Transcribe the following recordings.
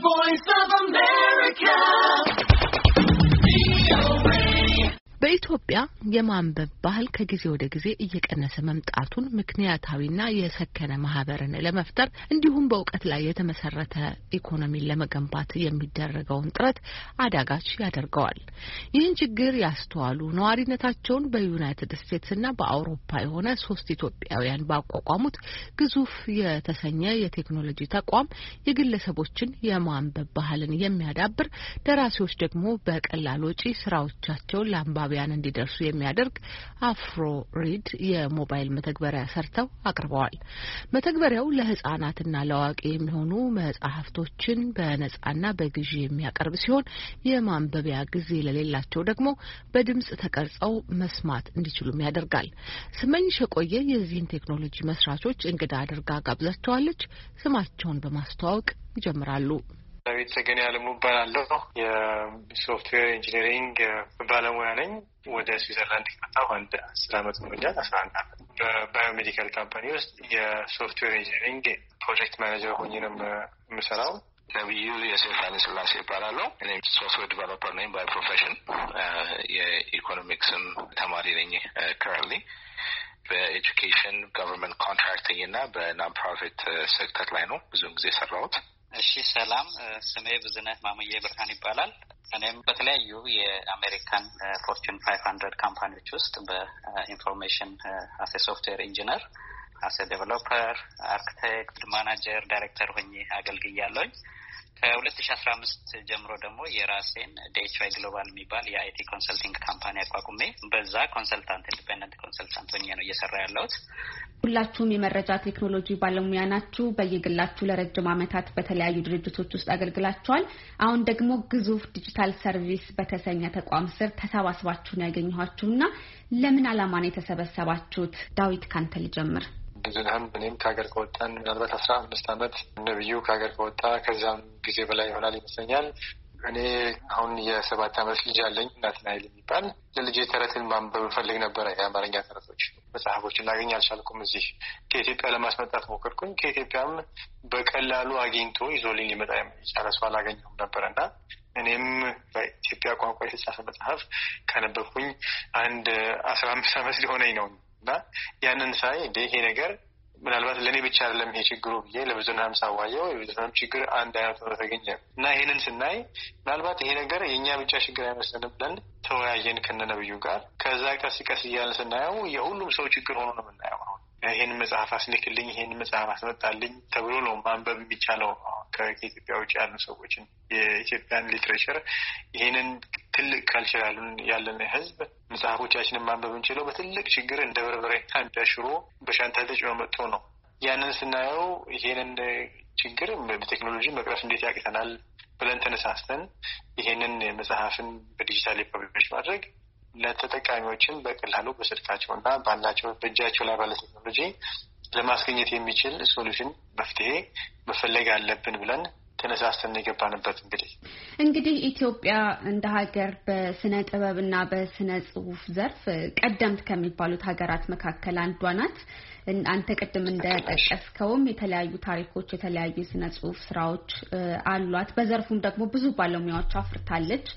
voice of a. በኢትዮጵያ የማንበብ ባህል ከጊዜ ወደ ጊዜ እየቀነሰ መምጣቱን ምክንያታዊና የሰከነ ማህበርን ለመፍጠር እንዲሁም በእውቀት ላይ የተመሰረተ ኢኮኖሚን ለመገንባት የሚደረገውን ጥረት አዳጋች ያደርገዋል። ይህን ችግር ያስተዋሉ ነዋሪነታቸውን በዩናይትድ ስቴትስና በአውሮፓ የሆነ ሶስት ኢትዮጵያውያን ባቋቋሙት ግዙፍ የተሰኘ የቴክኖሎጂ ተቋም የግለሰቦችን የማንበብ ባህልን የሚያዳብር ደራሲዎች ደግሞ በቀላል ወጪ ስራዎቻቸውን ለአንባቢ ኢትዮጵያውያን እንዲደርሱ የሚያደርግ አፍሮ ሪድ የሞባይል መተግበሪያ ሰርተው አቅርበዋል። መተግበሪያው ለህጻናትና ለአዋቂ የሚሆኑ መጽሐፍቶችን በነጻና በግዢ የሚያቀርብ ሲሆን የማንበቢያ ጊዜ ለሌላቸው ደግሞ በድምጽ ተቀርጸው መስማት እንዲችሉም ያደርጋል። ስመኝሽ የቆየ የዚህን ቴክኖሎጂ መስራቾች እንግዳ አድርጋ ጋብዛቸዋለች። ስማቸውን በማስተዋወቅ ይጀምራሉ። ዳዊት ተገኔ አለሙ እባላለሁ። የሶፍትዌር ኢንጂኒሪንግ ባለሙያ ነኝ። ወደ ስዊዘርላንድ ከመጣሁ አንድ አስር አመት ሆኖኛል። አስራ አንድ አመት በባዮሜዲካል ካምፓኒ ውስጥ የሶፍትዌር ኢንጂኒሪንግ ፕሮጀክት ማኔጀር ሆኜ ነው የምሰራው። ነቢዩ የሴፍ ኃይለ ሥላሴ ይባላለሁ። እኔ ሶፍትዌር ዲቨሎፐር ነኝ ባይ ፕሮፌሽን። የኢኮኖሚክስም ተማሪ ነኝ ከረንትሊ በኤጁኬሽን፣ ጋቨርንመንት ኮንትራክቲንግ እና በናን ፕሮፊት ሴክተር ላይ ነው ብዙውን ጊዜ የሰራሁት። እሺ ሰላም፣ ስሜ ብዝነት ማሙዬ ብርሃን ይባላል። እኔም በተለያዩ የአሜሪካን ፎርቹን ፋይቭ ሀንድረድ ካምፓኒዎች ውስጥ በኢንፎርሜሽን አሴ ሶፍትዌር ኢንጂነር አሴ ዴቨሎፐር፣ አርክቴክት፣ ማናጀር፣ ዳይሬክተር ሆኜ አገልግያለሁኝ። ከሁለት ሺ አስራ አምስት ጀምሮ ደግሞ የራሴን ዴኤች ግሎባል የሚባል የአይቲ ኮንሰልቲንግ ካምፓኒ አቋቁሜ በዛ ኮንሰልታንት ኢንዲፔንደንት ኮንሰልታንት ሆኜ ነው እየሰራ ያለሁት። ሁላችሁም የመረጃ ቴክኖሎጂ ባለሙያ ናችሁ። በየግላችሁ ለረጅም ዓመታት በተለያዩ ድርጅቶች ውስጥ አገልግላችኋል። አሁን ደግሞ ግዙፍ ዲጂታል ሰርቪስ በተሰኘ ተቋም ስር ተሰባስባችሁን ያገኘኋችሁ እና ለምን ዓላማ ነው የተሰበሰባችሁት? ዳዊት ካንተ ልጀምር። ብዙነህም እኔም ከሀገር ከወጣን ምናልባት አስራ አምስት ዓመት ነብዩ ከሀገር ከወጣ ከዛም ጊዜ በላይ ይሆናል ይመስለኛል። እኔ አሁን የሰባት ዓመት ልጅ አለኝ። እናትን ኃይል የሚባል ለልጄ ተረትን ማንበብ እፈልግ ነበረ። የአማርኛ ተረቶች መጽሐፎችን ላገኝ አልቻልኩም። እዚህ ከኢትዮጵያ ለማስመጣት ሞከርኩኝ። ከኢትዮጵያም በቀላሉ አግኝቶ ይዞልኝ ሊመጣ የቻለ ሰው አላገኘሁም እና እኔም በኢትዮጵያ ቋንቋ የተጻፈ መጽሐፍ ካነበብኩኝ አንድ አስራ አምስት ዓመት ሊሆነኝ ነው። እና ያንን ሳይ ይሄ ነገር ምናልባት ለእኔ ብቻ አይደለም ይሄ ችግሩ ብዬ ለብዙሃንም ሳዋየው የብዙሃንም ችግር አንድ አይነት ሆኖ ተገኘ እና ይህንን ስናይ ምናልባት ይሄ ነገር የእኛ ብቻ ችግር አይመስልን ብለን ተወያየን ከነነብዩ ጋር። ከዛ ቀስ ቀስ እያልን ስናየው የሁሉም ሰው ችግር ሆኖ ነው የምናየው። ይህን መጽሐፍ አስልክልኝ፣ ይህን መጽሐፍ አስመጣልኝ ተብሎ ነው ማንበብ የሚቻለው። ከኢትዮጵያ ውጭ ያሉ ሰዎችን የኢትዮጵያን ሊትሬቸር ይህንን ትልቅ ካልቸር ያለን ህዝብ መጽሐፎቻችንን ማንበብ እንችለው በትልቅ ችግር እንደ በርበሬና እንደ ሽሮ በሻንጣ ተጭኖ መጥቶ ነው። ያንን ስናየው ይህንን ችግር በቴክኖሎጂ መቅረፍ እንዴት ያቅተናል ብለን ተነሳስተን ይህንን መጽሐፍን በዲጂታል የፐብሊሽ ማድረግ ለተጠቃሚዎችን በቀላሉ በስልካቸው እና ባላቸው በእጃቸው ላይ ባለ ቴክኖሎጂ ለማስገኘት የሚችል ሶሉሽን መፍትሄ መፈለግ አለብን ብለን ተነሳስተን የገባንበት እንግዲህ እንግዲህ ኢትዮጵያ እንደ ሀገር በስነ ጥበብና በስነ ጽሁፍ ዘርፍ ቀደምት ከሚባሉት ሀገራት መካከል አንዷ ናት። አንተ ቅድም እንደጠቀስከውም የተለያዩ ታሪኮች፣ የተለያዩ ስነ ጽሁፍ ስራዎች አሏት። በዘርፉም ደግሞ ብዙ ባለሙያዎች አፍርታለች።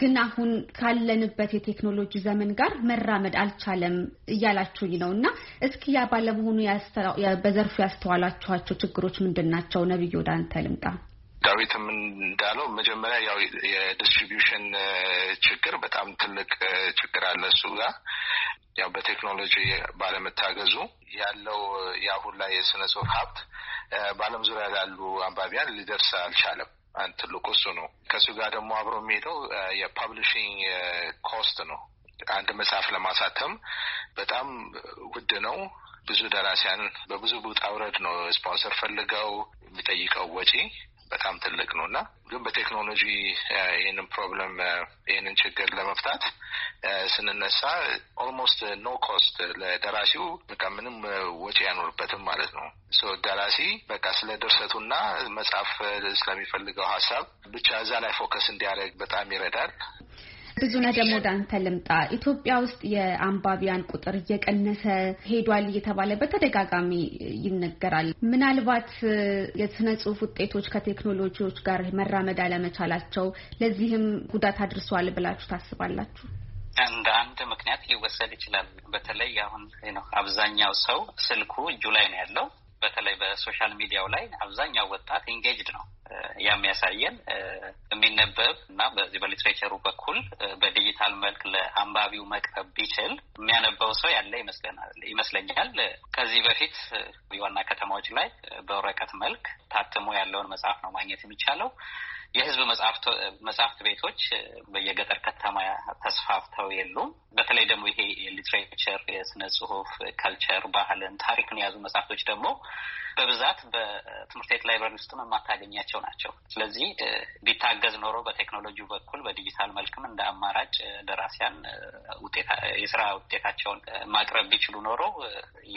ግን አሁን ካለንበት የቴክኖሎጂ ዘመን ጋር መራመድ አልቻለም እያላችሁኝ ነው እና እስኪ ያ ባለመሆኑ በዘርፉ ያስተዋላችኋቸው ችግሮች ምንድን ናቸው? ነብዩ ወደ አንተ ልምጣ። ዳዊትም እንዳለው መጀመሪያ ያው የዲስትሪቢሽን ችግር በጣም ትልቅ ችግር አለ። እሱ ጋር ያው በቴክኖሎጂ ባለመታገዙ ያለው የአሁን ላይ የስነ ጽሁፍ ሀብት በዓለም ዙሪያ ላሉ አንባቢያን ሊደርስ አልቻለም። ትልቁ እሱ ነው። ከሱ ጋር ደግሞ አብሮ የሚሄደው የፐብሊሽንግ ኮስት ነው። አንድ መጽሐፍ ለማሳተም በጣም ውድ ነው። ብዙ ደራሲያን በብዙ ውጣ ውረድ ነው ስፖንሰር ፈልገው የሚጠይቀው ወጪ በጣም ትልቅ ነው እና ግን በቴክኖሎጂ ይህንን ፕሮብለም ይህንን ችግር ለመፍታት ስንነሳ ኦልሞስት ኖ ኮስት ለደራሲው በቃ ምንም ወጪ አይኖርበትም ማለት ነው። ደራሲ በቃ ስለ ድርሰቱና መጽሐፍ ስለሚፈልገው ሀሳብ ብቻ እዛ ላይ ፎከስ እንዲያደርግ በጣም ይረዳል። ብዙነህ ደግሞ ወደ አንተ ልምጣ። ኢትዮጵያ ውስጥ የአንባቢያን ቁጥር እየቀነሰ ሄዷል እየተባለ በተደጋጋሚ ይነገራል። ምናልባት የስነ ጽሁፍ ውጤቶች ከቴክኖሎጂዎች ጋር መራመድ አለመቻላቸው ለዚህም ጉዳት አድርሷል ብላችሁ ታስባላችሁ? እንደ አንድ ምክንያት ሊወሰድ ይችላል። በተለይ አሁን አብዛኛው ሰው ስልኩ እጁ ላይ ነው ያለው በተለይ በሶሻል ሚዲያው ላይ አብዛኛው ወጣት ኢንጌጅድ ነው። ያ የሚያሳየን የሚነበብ እና በዚህ በሊትሬቸሩ በኩል በዲጂታል መልክ ለአንባቢው መቅረብ ቢችል የሚያነበው ሰው ያለ ይመስለኛል። ከዚህ በፊት ዋና ከተማዎች ላይ በወረቀት መልክ ታትሞ ያለውን መጽሐፍ ነው ማግኘት የሚቻለው። የህዝብ መጽሐፍት ቤቶች በየገጠር ከተማ ተስፋፍተው የሉም። በተለይ ደግሞ ይሄ የሊትሬቸር የስነ ጽሁፍ፣ ካልቸር፣ ባህልን፣ ታሪክን የያዙ መጽሐፍቶች ደግሞ በብዛት በትምህርት ቤት ላይብረሪ ውስጥ የማታገኛቸው ናቸው። ስለዚህ ቢታገዝ ኖሮ በቴክኖሎጂ በኩል በዲጂታል መልክም እንደ አማራጭ ደራሲያን የስራ ውጤታቸውን ማቅረብ ቢችሉ ኖሮ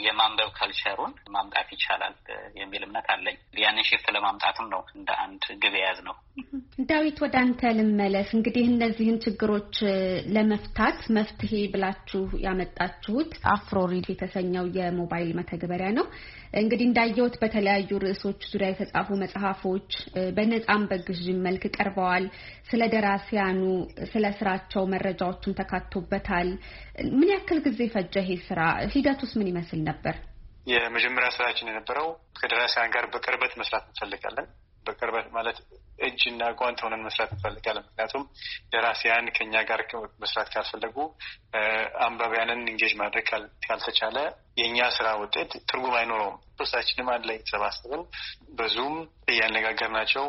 የማንበብ ከልቸሩን ማምጣት ይቻላል የሚል እምነት አለኝ። ያንን ሽፍት ለማምጣትም ነው እንደ አንድ ግብ የያዝ ነው። ዳዊት ወደ አንተ ልመለስ። እንግዲህ እነዚህን ችግሮች ለመፍታት መፍትሄ ብላችሁ ያመጣችሁት አፍሮሪድ የተሰኘው የሞባይል መተግበሪያ ነው። እንግዲህ እንዳየው በችሎት በተለያዩ ርዕሶች ዙሪያ የተጻፉ መጽሐፎች በነጻም በግዥ መልክ ቀርበዋል። ስለ ደራሲያኑ ስለ ስራቸው መረጃዎችም ተካቶበታል። ምን ያክል ጊዜ ፈጀ ይሄ ስራ? ሂደቱስ ምን ይመስል ነበር? የመጀመሪያ ስራችን የነበረው ከደራሲያን ጋር በቅርበት መስራት እንፈልጋለን በቅርበት ማለት እጅ እና ጓንት ሆነን መስራት እንፈልጋለን። ምክንያቱም ደራሲያን ከኛ ጋር መስራት ካልፈለጉ፣ አንባቢያንን እንጌጅ ማድረግ ካልተቻለ የእኛ ስራ ውጤት ትርጉም አይኖረውም። ሶስታችንም አንድ ላይ የተሰባሰብን በዙም እያነጋገርናቸው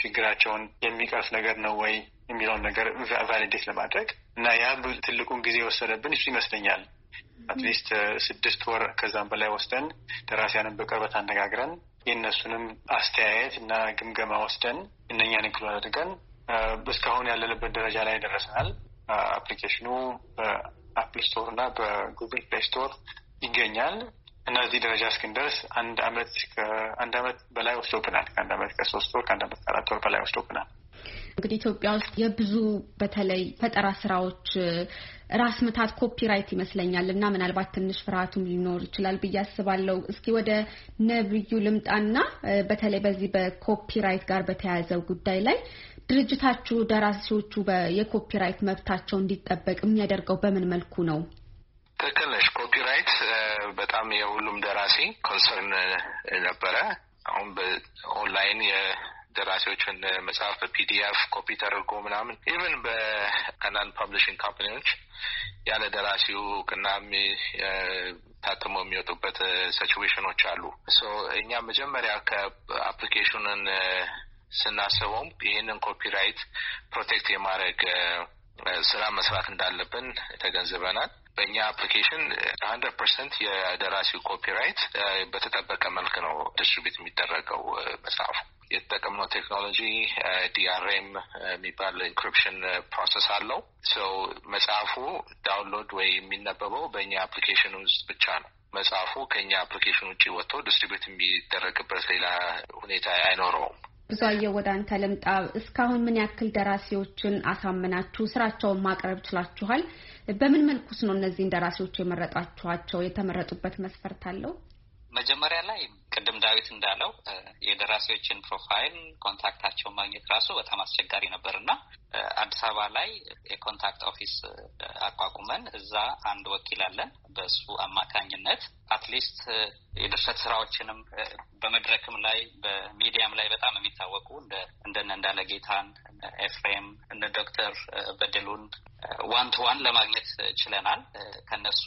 ችግራቸውን የሚቀርፍ ነገር ነው ወይ የሚለውን ነገር ቫሊዴት ለማድረግ እና ያ ትልቁን ጊዜ የወሰደብን እሱ ይመስለኛል። አትሊስት ስድስት ወር ከዛም በላይ ወስደን ደራሲያንን በቅርበት አነጋግረን የእነሱንም አስተያየት እና ግምገማ ወስደን እነኛን ክሎ አድርገን እስካሁን ያለንበት ደረጃ ላይ ደረሰናል። አፕሊኬሽኑ በአፕል ስቶር እና በጉግል ፕሌይ ስቶር ይገኛል እና እዚህ ደረጃ እስክንደርስ አንድ አመት ከአንድ አመት በላይ ወስዶብናል። ከአንድ አመት ከሶስት ወር ከአንድ አመት ከአራት ወር በላይ ወስዶብናል። እንግዲህ ኢትዮጵያ ውስጥ የብዙ በተለይ ፈጠራ ስራዎች ራስ ምታት ኮፒራይት ይመስለኛል እና ምናልባት ትንሽ ፍርሃቱም ሊኖር ይችላል ብዬ አስባለሁ። እስኪ ወደ ነብዩ ልምጣና በተለይ በዚህ በኮፒራይት ጋር በተያያዘው ጉዳይ ላይ ድርጅታችሁ ደራሲዎቹ የኮፒራይት መብታቸው እንዲጠበቅ የሚያደርገው በምን መልኩ ነው? ትክክል ነሽ። ኮፒራይት በጣም የሁሉም ደራሲ ኮንሰርን ነበረ። አሁን በኦንላይን ደራሲዎችን መጽሐፍ በፒዲኤፍ ኮፒ ተደርጎ ምናምን ኢቨን በከናን ፐብሊሽንግ ካምፓኒዎች ያለ ደራሲው እውቅና ታትሞ የሚወጡበት ሲቹዌሽኖች አሉ። እኛ መጀመሪያ ከአፕሊኬሽኑን ስናስበውም ይህንን ኮፒራይት ፕሮቴክት የማድረግ ስራ መስራት እንዳለብን ተገንዝበናል። በእኛ አፕሊኬሽን ሀንድረድ ፐርሰንት የደራሲው ኮፒራይት በተጠበቀ መልክ ነው ዲስትሪቢዩት የሚደረገው መጽሐፉ። የተጠቀምነው ቴክኖሎጂ ዲአርኤም የሚባል ኢንክሪፕሽን ፕሮሰስ አለው። ሰው መጽሐፉ ዳውንሎድ ወይ የሚነበበው በእኛ አፕሊኬሽን ውስጥ ብቻ ነው። መጽሐፉ ከእኛ አፕሊኬሽን ውጭ ወጥቶ ዲስትሪቢዩት የሚደረግበት ሌላ ሁኔታ አይኖረውም። ብዙ አየው ወደ አንተ ልምጣ። እስካሁን ምን ያክል ደራሲዎችን አሳምናችሁ ስራቸውን ማቅረብ ችላችኋል? በምን መልኩስ ነው እነዚህን ደራሲዎች የመረጣችኋቸው? የተመረጡበት መስፈርት አለው? መጀመሪያ ላይ ቅድም ዳዊት እንዳለው የደራሲዎችን ፕሮፋይል ኮንታክታቸውን ማግኘት ራሱ በጣም አስቸጋሪ ነበር እና አዲስ አበባ ላይ የኮንታክት ኦፊስ አቋቁመን እዛ አንድ ወኪል አለን። በሱ አማካኝነት አትሊስት uh, የድርሰት ስራዎችንም uh, በመድረክም ላይ በሚዲያም ላይ በጣም የሚታወቁ እንደነ እንዳለ ጌታን፣ ኤፍሬም፣ እነ ዶክተር uh, በድሉን ዋን ቱ ዋን ለማግኘት ችለናል። ከነሱ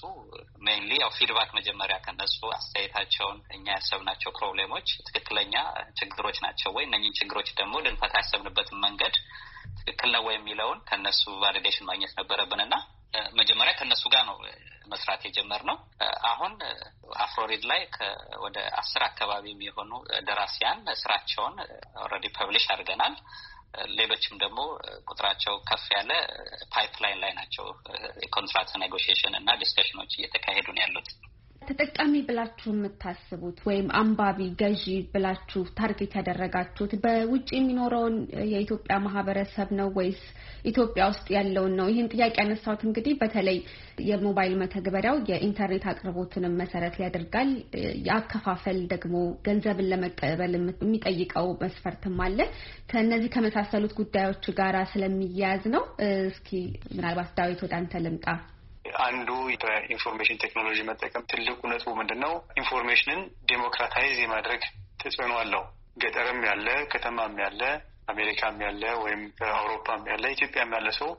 ሜይንሊ ያው ፊድባክ መጀመሪያ ከነሱ አስተያየታቸውን እኛ ያሰብናቸው ፕሮብሌሞች ትክክለኛ ችግሮች ናቸው ወይ፣ እነኝን ችግሮች ደግሞ ልንፈታ ያሰብንበትን መንገድ ትክክል ነው ወይ የሚለውን ከነሱ ቫሊዴሽን ማግኘት ነበረብን እና መጀመሪያ ከነሱ ጋር ነው መስራት የጀመርነው አሁን አፍሮሪድ ላይ ወደ አስር አካባቢ የሚሆኑ ደራሲያን ስራቸውን ኦልሬዲ ፐብሊሽ አድርገናል። ሌሎችም ደግሞ ቁጥራቸው ከፍ ያለ ፓይፕላይን ላይ ናቸው። የኮንትራት ኔጎሽሽን እና ዲስከሽኖች እየተካሄዱ ነው ያሉት። ተጠቃሚ ብላችሁ የምታስቡት ወይም አንባቢ ገዢ ብላችሁ ታርጌት ያደረጋችሁት በውጭ የሚኖረውን የኢትዮጵያ ማህበረሰብ ነው ወይስ ኢትዮጵያ ውስጥ ያለውን ነው? ይህን ጥያቄ ያነሳሁት እንግዲህ በተለይ የሞባይል መተግበሪያው የኢንተርኔት አቅርቦትንም መሰረት ያደርጋል። የአከፋፈል ደግሞ ገንዘብን ለመቀበል የሚጠይቀው መስፈርትም አለ። ከእነዚህ ከመሳሰሉት ጉዳዮች ጋራ ስለሚያያዝ ነው። እስኪ ምናልባት ዳዊት ወደ አንተ ልምጣ። አንዱ በኢንፎርሜሽን ቴክኖሎጂ መጠቀም ትልቁ ነጥቡ ምንድን ነው? ኢንፎርሜሽንን ዴሞክራታይዝ የማድረግ ተጽዕኖ አለው። ገጠርም ያለ ከተማም ያለ አሜሪካም ያለ ወይም አውሮፓም ያለ ኢትዮጵያም ያለ ሰው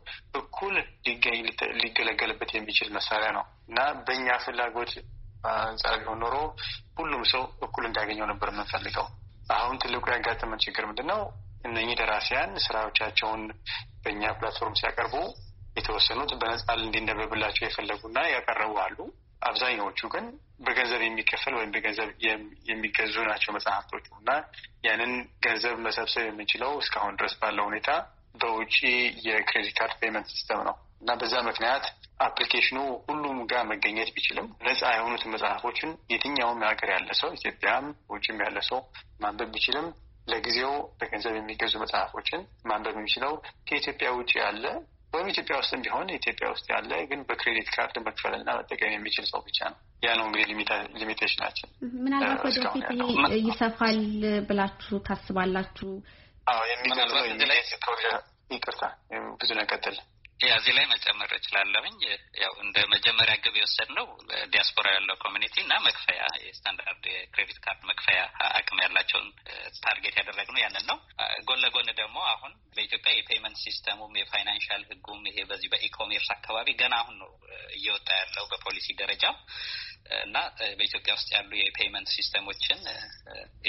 እኩል ሊገኝ ሊገለገልበት የሚችል መሳሪያ ነው እና በእኛ ፍላጎት አንጻር ቢሆን ኖሮ ሁሉም ሰው እኩል እንዲያገኘው ነበር የምንፈልገው። አሁን ትልቁ ያጋጠመን ችግር ምንድን ነው? እነኚህ ደራሲያን ስራዎቻቸውን በእኛ ፕላትፎርም ሲያቀርቡ የተወሰኑት በነጻ እንዲነበብላቸው የፈለጉና ያቀረቡ አሉ። አብዛኛዎቹ ግን በገንዘብ የሚከፈል ወይም በገንዘብ የሚገዙ ናቸው መጽሐፍቶቹ እና ያንን ገንዘብ መሰብሰብ የምንችለው እስካሁን ድረስ ባለው ሁኔታ በውጪ የክሬዲት ካርድ ፔመንት ሲስተም ነው እና በዛ ምክንያት አፕሊኬሽኑ ሁሉም ጋር መገኘት ቢችልም ነጻ የሆኑትን መጽሐፎችን የትኛውም ሀገር ያለ ሰው ኢትዮጵያም ውጭም ያለ ሰው ማንበብ ቢችልም ለጊዜው በገንዘብ የሚገዙ መጽሐፎችን ማንበብ የሚችለው ከኢትዮጵያ ውጭ ያለ ወይም ኢትዮጵያ ውስጥም ቢሆን ኢትዮጵያ ውስጥ ያለ ግን በክሬዲት ካርድ መክፈልና መጠቀም የሚችል ሰው ብቻ ነው። ያ ነው እንግዲህ ሊሚቴሽናችን። ምናልባት ወደፊት ይሰፋል ብላችሁ ታስባላችሁ? አዎ ይቅርታ ብዙ ነው። ቀጥል እዚህ ላይ መጨመር እችላለሁኝ። ያው እንደ መጀመሪያ ግብ የወሰድ ነው ዲያስፖራ ያለው ኮሚኒቲ እና መክፈያ የስታንዳርድ የክሬዲት ካርድ መክፈያ አቅም ያላቸውን ታርጌት ያደረግነው ያንን ነው። ጎን ለጎን ደግሞ አሁን በኢትዮጵያ የፔመንት ሲስተሙም የፋይናንሻል ህጉም ይሄ በዚህ በኢኮሜርስ አካባቢ ገና አሁን ነው እየወጣ ያለው በፖሊሲ ደረጃ እና በኢትዮጵያ ውስጥ ያሉ የፔመንት ሲስተሞችን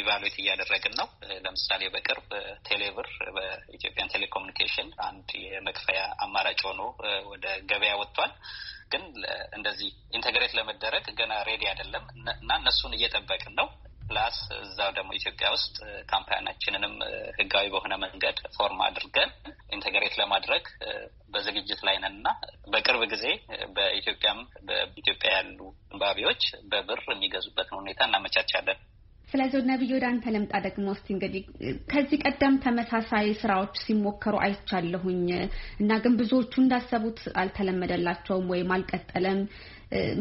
ኢቫሉዌት እያደረግን ነው። ለምሳሌ በቅርብ ቴሌብር በኢትዮጵያን ቴሌኮሙኒኬሽን አንድ የመክፈያ አማራጭ ተጋላጭ ሆኖ ወደ ገበያ ወጥቷል። ግን እንደዚህ ኢንተግሬት ለመደረግ ገና ሬዲ አይደለም እና እነሱን እየጠበቅን ነው። ፕላስ እዛው ደግሞ ኢትዮጵያ ውስጥ ካምፓኒያችንንም ህጋዊ በሆነ መንገድ ፎርም አድርገን ኢንተግሬት ለማድረግ በዝግጅት ላይ ነን እና በቅርብ ጊዜ በኢትዮጵያም በኢትዮጵያ ያሉ ንባቢዎች በብር የሚገዙበትን ሁኔታ እናመቻቻለን። ስለዚህ ነብዩ ወደ አንተ ልምጣ። ደግሞ እስቲ እንግዲህ ከዚህ ቀደም ተመሳሳይ ስራዎች ሲሞከሩ አይቻለሁኝ እና ግን ብዙዎቹ እንዳሰቡት አልተለመደላቸውም ወይም አልቀጠለም።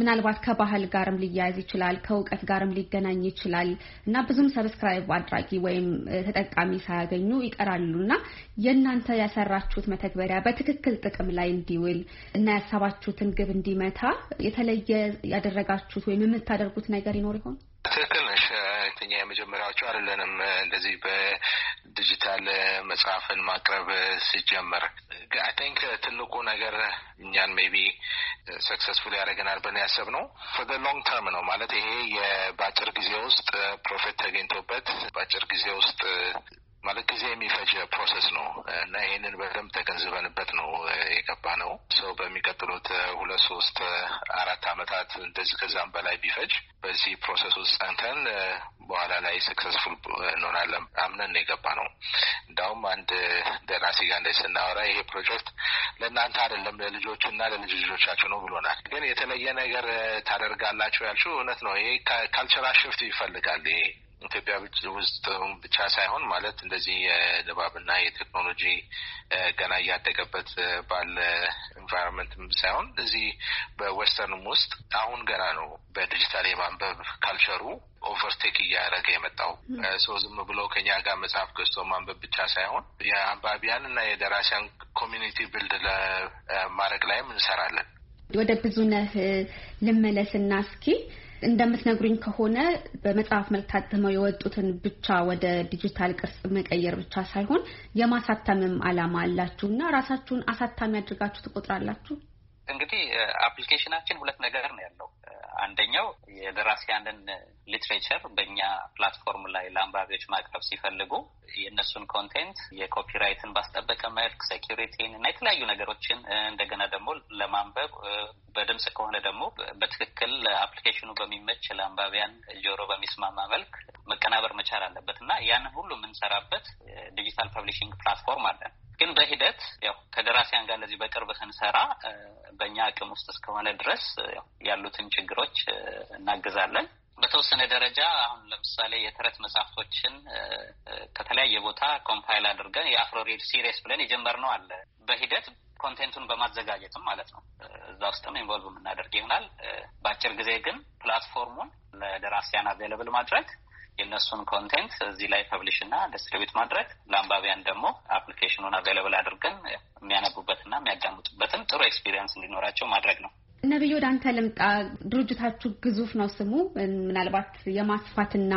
ምናልባት ከባህል ጋርም ሊያያዝ ይችላል፣ ከእውቀት ጋርም ሊገናኝ ይችላል እና ብዙም ሰብስክራይብ አድራጊ ወይም ተጠቃሚ ሳያገኙ ይቀራሉ እና የእናንተ ያሰራችሁት መተግበሪያ በትክክል ጥቅም ላይ እንዲውል እና ያሰባችሁትን ግብ እንዲመታ የተለየ ያደረጋችሁት ወይም የምታደርጉት ነገር ይኖር ይሆን? ትክክል ነሽ። እኛ የመጀመሪያዎቹ አይደለንም። እንደዚህ በዲጂታል መጽሐፍን ማቅረብ ሲጀመር አይ ቲንክ ትልቁ ነገር እኛን ሜቢ ሰክሰስፉል ያደረገናል ብለን ነው ፎር ሎንግ ተርም ነው ማለት ይሄ በአጭር ጊዜ ውስጥ ፕሮፊት ተገኝቶበት በአጭር ጊዜ ውስጥ ማለት ጊዜ የሚፈጀ ፕሮሰስ ነው እና ይህንን በደንብ ተገንዝበንበት ነው የገባ ነው። ሰው በሚቀጥሉት ሁለት ሶስት አራት አመታት እንደዚህ ከዛም በላይ ቢፈጅ በዚህ ፕሮሰስ ውስጥ ጸንተን በኋላ ላይ ስክሰስፉል እንሆናለን አምነን ነው የገባ ነው። እንዳውም አንድ ደራሲ ጋር እንደ ስናወራ ይሄ ፕሮጀክት ለእናንተ አይደለም ለልጆች እና ለልጅ ልጆቻችሁ ነው ብሎናል። ግን የተለየ ነገር ታደርጋላችሁ ያልችው እውነት ነው። ይሄ ካልቸራል ሽፍት ይፈልጋል ይሄ ኢትዮጵያ ውስጥ ብቻ ሳይሆን ማለት እንደዚህ የንባብና የቴክኖሎጂ ገና እያደገበት ባለ ኢንቫይሮንመንትም ሳይሆን እዚህ በወስተርንም ውስጥ አሁን ገና ነው በዲጂታል የማንበብ ካልቸሩ ኦቨርቴክ እያደረገ የመጣው ሰው ዝም ብሎ ከኛ ጋር መጽሐፍ ገዝቶ ማንበብ ብቻ ሳይሆን የአንባቢያን እና የደራሲያን ኮሚኒቲ ብልድ ለማድረግ ላይም እንሰራለን። ወደ ብዙነህ ልመለስና እስኪ እንደምትነግሩኝ ከሆነ በመጽሐፍ መልክ ታትመው የወጡትን ብቻ ወደ ዲጂታል ቅርጽ መቀየር ብቻ ሳይሆን የማሳተምም ዓላማ አላችሁ እና ራሳችሁን አሳታሚ አድርጋችሁ ትቆጥራላችሁ? እንግዲህ አፕሊኬሽናችን ሁለት ነገር ነው ያለው። አንደኛው የደራሲያንን ሊትሬቸር በእኛ ፕላትፎርም ላይ ለአንባቢዎች ማቅረብ ሲፈልጉ የእነሱን ኮንቴንት የኮፒራይትን ባስጠበቀ መልክ ሴኪሪቲን እና የተለያዩ ነገሮችን እንደገና ደግሞ ለማንበብ በድምፅ ከሆነ ደግሞ በትክክል አፕሊኬሽኑ በሚመች ለአንባቢያን ጆሮ በሚስማማ መልክ መቀናበር መቻል አለበት እና ያንን ሁሉ የምንሰራበት ዲጂታል ፐብሊሽንግ ፕላትፎርም አለን። ግን በሂደት ያው ከደራሲያን ጋር ለዚህ በቅርብ ስንሰራ በእኛ አቅም ውስጥ እስከሆነ ድረስ ያሉትን ችግሮች እናግዛለን። በተወሰነ ደረጃ አሁን ለምሳሌ የተረት መጽሐፍቶችን ከተለያየ ቦታ ኮምፓይል አድርገን የአፍሮሪድ ሲሪስ ብለን የጀመርነው አለ። በሂደት ኮንቴንቱን በማዘጋጀትም ማለት ነው እዛ ውስጥም ኢንቮልቭ የምናደርግ ይሆናል። በአጭር ጊዜ ግን ፕላትፎርሙን ለደራሲያን አቬለብል ማድረግ የእነሱን ኮንቴንት እዚህ ላይ ፐብሊሽ እና ዲስትሪቢዩት ማድረግ ለአንባቢያን ደግሞ አፕሊኬሽኑን አቬለብል አድርገን የሚያነቡበትና የሚያዳምጡበትን ጥሩ ኤክስፒሪየንስ እንዲኖራቸው ማድረግ ነው። ነብዩ ወደ አንተ ልምጣ። ድርጅታችሁ ግዙፍ ነው ስሙ። ምናልባት የማስፋትና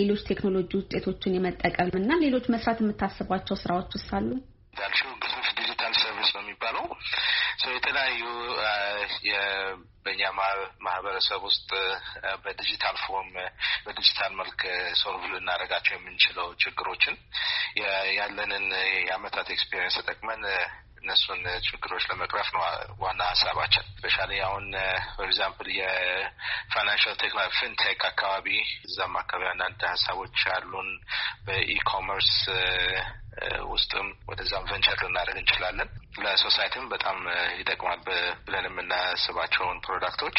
ሌሎች ቴክኖሎጂ ውጤቶችን የመጠቀም እና ሌሎች መስራት የምታስቧቸው ስራዎች ውስጥ አሉ ግዙፍ ዲጂታል ሰርቪስ ነው የሚባለው የተለያዩ በእኛ ማህበረሰብ ውስጥ በዲጂታል ፎርም በዲጂታል መልክ ሶልቭ ልናደርጋቸው የምንችለው ችግሮችን ያለንን የአመታት ኤክስፔሪንስ ተጠቅመን እነሱን ችግሮች ለመቅረፍ ነው ዋና ሀሳባችን። ስፔሻሊ አሁን ፎር ኤግዛምፕል የፋይናንሽል ቴክ ፊንቴክ አካባቢ እዛም አካባቢ አንዳንድ ሀሳቦች ያሉን በኢኮመርስ ውስጥም ወደዛም ቨንቸር ልናደርግ እንችላለን። ለሶሳይቲም በጣም ይጠቅማል ብለን የምናስባቸውን ፕሮዳክቶች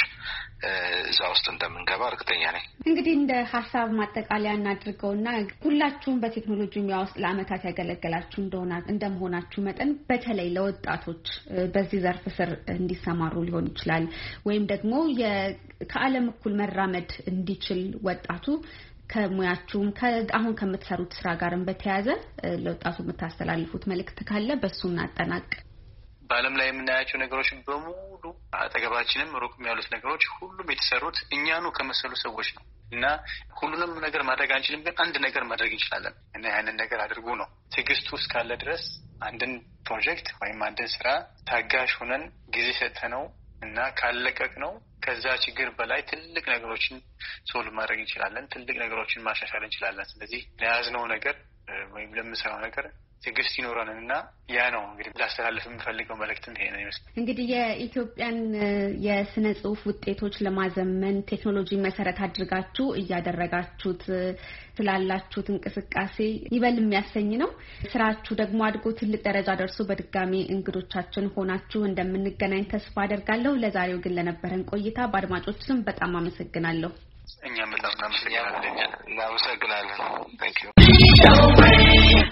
እዛ ውስጥ እንደምንገባ እርግጠኛ ነኝ። እንግዲህ እንደ ሀሳብ ማጠቃለያ እናድርገውና ሁላችሁም በቴክኖሎጂ ሙያ ውስጥ ለአመታት ያገለገላችሁ እንደመሆናችሁ መጠን በተለይ ለወጣቶች በዚህ ዘርፍ ስር እንዲሰማሩ ሊሆን ይችላል ወይም ደግሞ ከዓለም እኩል መራመድ እንዲችል ወጣቱ ከሙያችሁም አሁን ከምትሰሩት ስራ ጋርም በተያያዘ ለወጣቱ የምታስተላልፉት መልእክት ካለ በሱ እናጠናቅ። በዓለም ላይ የምናያቸው ነገሮች በሙሉ አጠገባችንም ሩቅም ያሉት ነገሮች ሁሉም የተሰሩት እኛኑ ከመሰሉ ሰዎች ነው እና ሁሉንም ነገር ማድረግ አንችልም፣ ግን አንድ ነገር ማድረግ እንችላለን እና ያንን ነገር አድርጉ ነው። ትዕግስቱ እስካለ ድረስ አንድን ፕሮጀክት ወይም አንድን ስራ ታጋሽ ሆነን ጊዜ ሰጥተነው እና ካለቀቅ ነው ከዛ ችግር በላይ ትልቅ ነገሮችን ሶል ማድረግ እንችላለን። ትልቅ ነገሮችን ማሻሻል እንችላለን። ስለዚህ ለያዝነው ነገር ወይም ለምንሰራው ነገር ትዕግስት ይኖረንን እና ያ ነው እንግዲህ ላስተላለፍ የምፈልገው መልእክት ይሄ ነው ይመስል እንግዲህ የኢትዮጵያን የስነ ጽሁፍ ውጤቶች ለማዘመን ቴክኖሎጂ መሰረት አድርጋችሁ እያደረጋችሁት ስላላችሁት እንቅስቃሴ ይበል የሚያሰኝ ነው። ስራችሁ ደግሞ አድጎ ትልቅ ደረጃ ደርሶ በድጋሚ እንግዶቻችን ሆናችሁ እንደምንገናኝ ተስፋ አደርጋለሁ። ለዛሬው ግን ለነበረን ቆይታ በአድማጮች ስም በጣም አመሰግናለሁ። እኛም በጣም እናመሰግናለን። እናመሰግናለን።